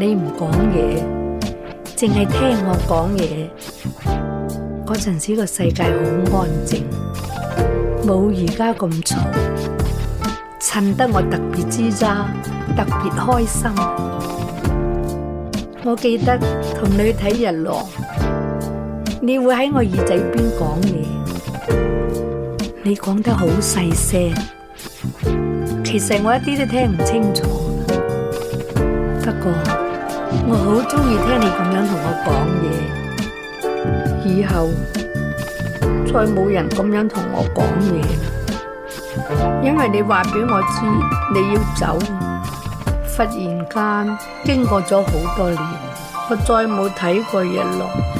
你唔講嘢，淨係聽我講嘢，嗰陣時個世界好安靜，冇而家咁嘈，襯得我特別吱喳，特別開心。我記得同你睇日落，你會喺我耳仔邊講嘢，你講得好細聲，其實我一啲都聽唔清楚，不過。我好中意聽你咁樣同我講嘢，以後再冇人咁樣同我講嘢，因為你話俾我知你要走，忽然間經過咗好多年，我再冇睇過日落。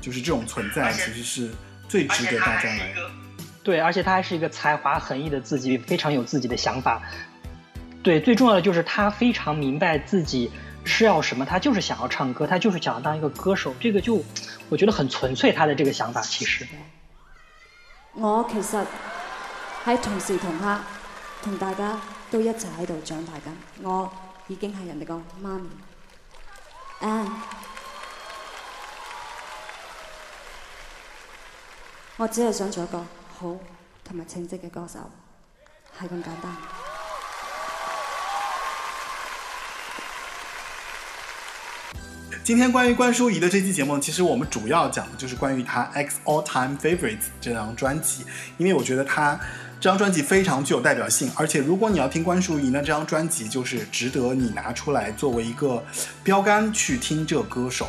就是這種存在，其實是最值得大家來。對，而且他還是一個才華橫溢的自己，非常有自己的想法。對，最重要的就是他非常明白自己需要什麼，他就是想要唱歌，他就是想要當一個歌手。這個就我覺得很純粹，他的這個想法其實。我其實喺同時同他同大家都一齊喺度長大緊，我已經係人哋個媽咪。And... 我只係想做一個好同埋稱職嘅歌手，係咁簡單。今天關於關淑怡的這期節目，其實我們主要講嘅就是關於她《X All Time Favorites》這張專輯，因為我覺得她這張專輯非常具有代表性，而且如果你要聽關淑怡，呢，這張專輯就是值得你拿出來作為一個標杆去聽這歌手。